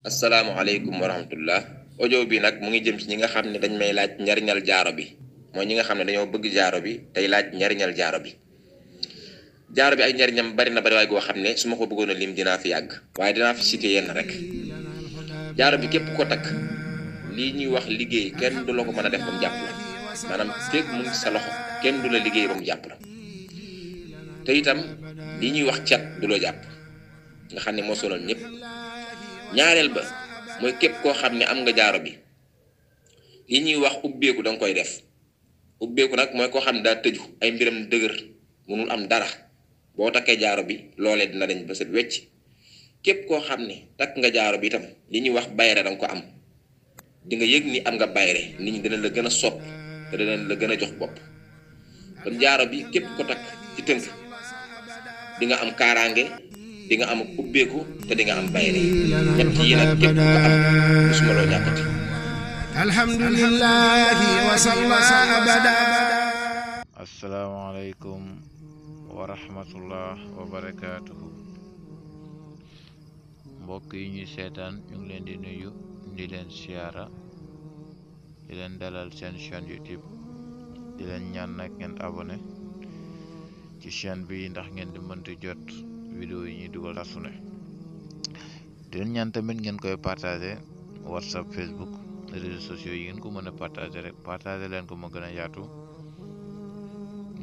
Assalamualaikum warahmatullah. Ojo binak bi nag mu ngi jëm ci nga xam dañ may laaj njariñal jaaro bi mooy ñi nga xam ne dañoo bëgg jaaro bi tey laaj njariñal jaaro bi jaaro bi ay njariñam bari na bari waay goo xam ne su ma ko bëggoon a lim dinaa fi yàgg waaye dinaa fi cité yenn rek jaaro bi képp ko takk lii ñuy wax liggéey kenn du la ko mën def ba la mu ngi sa loxo kenn du la liggéey la itam wax du nga sonal ñaareel ba mooy képp koo xam ne am nga jaaro bi li ñuy wax ubbeeku da nga koy def ubbeeku nag mooy koo xam ne daa tëju ay mbiram dëgër munul am dara boo takkee jaaro bi loolee dina dañ ba set wecc képp koo xam ne takk nga jaaro bi itam li ñuy wax bayre da nga ko am di nga yëg ni am nga bayre nit ñi dana la gën a sopp te dana la gën a jox bopp kon jaaro bi képp ko takk ci tënk di nga am kaaraange di nga am ubbeeku te di nga am bayre ñett yi nag képp ko am musuma loo ñàkkati alhamdulillahi wa salla abada asalaamaaleykum wa rahmatullah wa barakatuhu mbokk yi ñuy seetaan ñu ngi leen di nuyu di leen siara, di leen dalal seen chaîne youtube di leen ñaan nag ngeen abonné ci chaîne bi ndax ngeen di mënti jot vidéo yi ñuy dugal saa ne di leen ñaan tamit ngeen koy partagé whatsapp facebook réseaux sociaux yi ngeen ko mën a partagé rek partagé leen ko mu gën a yaatu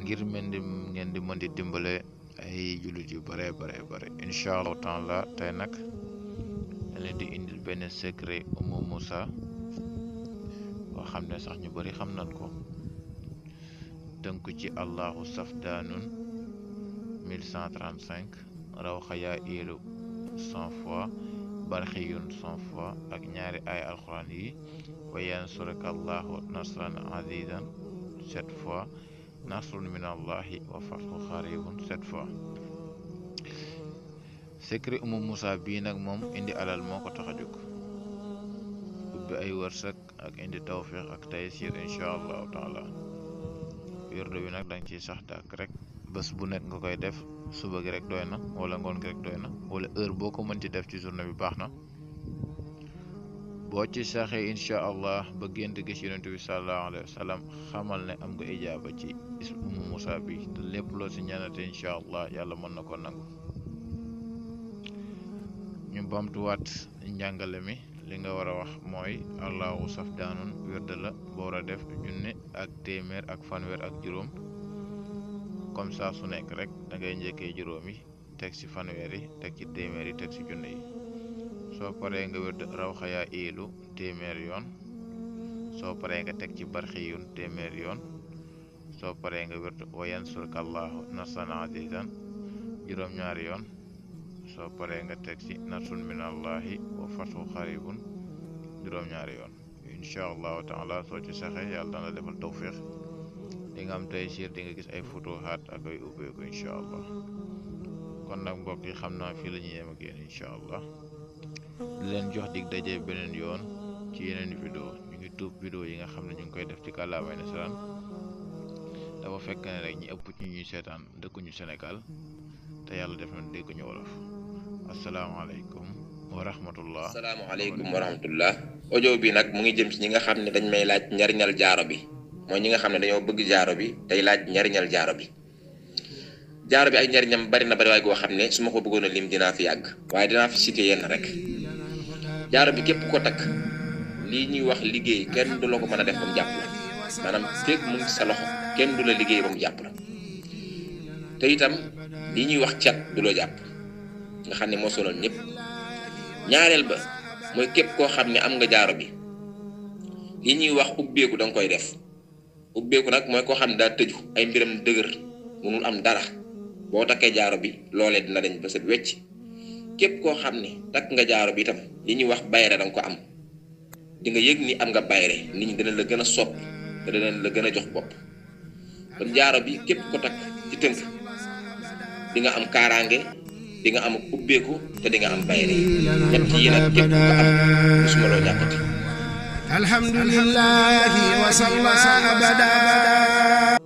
ngir mën di mën di dimbale ay jullit yu bare bare bare incha allahu taala tey nag leen di indil benn secret Umu Musa boo xam ne sax ñu bari xam nañ ko tënku ci allahu safdaanun 1135 rawxaya eelu 100 fois barxiyun 100 fois ak ñaari ay alquran yi wa yansuraka allahu nasran azizan 7 fois nasrun min allah wa fathu kharibun 7 fois secret umu musa bi nak mom indi alal moko taxajuk tax ubbi ay wërsëg ak indi tawfiq ak taysir incha allahu taala wirdu bi nak dang ci sax tak rek bés bu nekk nga koy def suba gi rek doy na wala ngoon gi rek doy na wala heure boo ko mënti def ci journée bi baax na boo ci saxee incha allah ba gént gis yonent bi sallallahu xamal ne am nga ijaaba ci bi lépp loo si ñaanate incha allah yàlla mën na ko nangu ñu njàngale mi li nga war a wax mooy allahu saf daanun wérda boo war def junne ak téeméer ak fanweer ak juróom comme saa su nekk rek dangay ngay njëkkee juróomi teg ci fanweer yi teg ci téeméeri yi teg ci junne yi soo paree nga wér raw iilu téeméer yoon soo paree nga teg ci barxiyun téeméer yoon soo paree nga wér wa yansurkallaahu nasran azizan juróom-ñaari yoon soo paree nga teg ci nasrun minallaahi wa fathu xaribun juróom-ñaari yoon incha allahu taala soo ci saxee yàlla dana defal tawfiq ngam nga am taysir di nga gis ay futuhaat ak ay ubbeeku incha allah kon nag mbokk yi xam naa fii la ñuy yem ak jox dig daje benen yoon ci yeneen vidéo ñu ngi tup vidéo yi nga xam ne ñu ngi koy def ci kàllaamay nasaraan dafa fekk ne rek ñi ëpp ci ñuy seetaan dëkkuñu Sénégal te yàlla def na dégguñu wolof asalaamaaleykum wa rahmatullah asalaamaaleykum wa rahmatullah ojo bi nag mu ngi jëm ci ñi nga xam ne dañ may laaj njariñal jaaro bi mooy ñi nga xam ne dañoo bëgg jaaro bi tey laaj njariñal jaaro bi jaaro bi ay njariñam bari na bari waay goo xam ne su ma ko bëggoon a lim dinaa fi yàgg waaye dinaa fi cité yenn rek jaaro bi képp ko takk lii ñuy wax liggéey kenn du la ko mën def ba mu la mu ngi sa loxo kenn du la liggéey ba mu la te itam lii ñuy wax cat du la jàpp nga xam ne moo sonal ñëpp ba mooy képp koo xam am nga jaaro bi li wax ubbeeku koy def ubbeeku nag mooy koo xam daa tëju ay mbiram dëgër munul am dara boo takkee jaaro bi loolee dina dañ ba set wecc képp koo xam ne takk nga jaaro bi itam li ñuy wax bayre ko am di nga yëg ni am nga bayre nit ñi dana la gën a sopp te dana la gën a jox bopp kon jaaro bi képp ko takk ci tënk di nga am kaaraange di nga am ubbeeku te di nga am bayre ñett yi nag képp ko am su ma loo jàppati الحمد لله وصلى أبدا, أبدا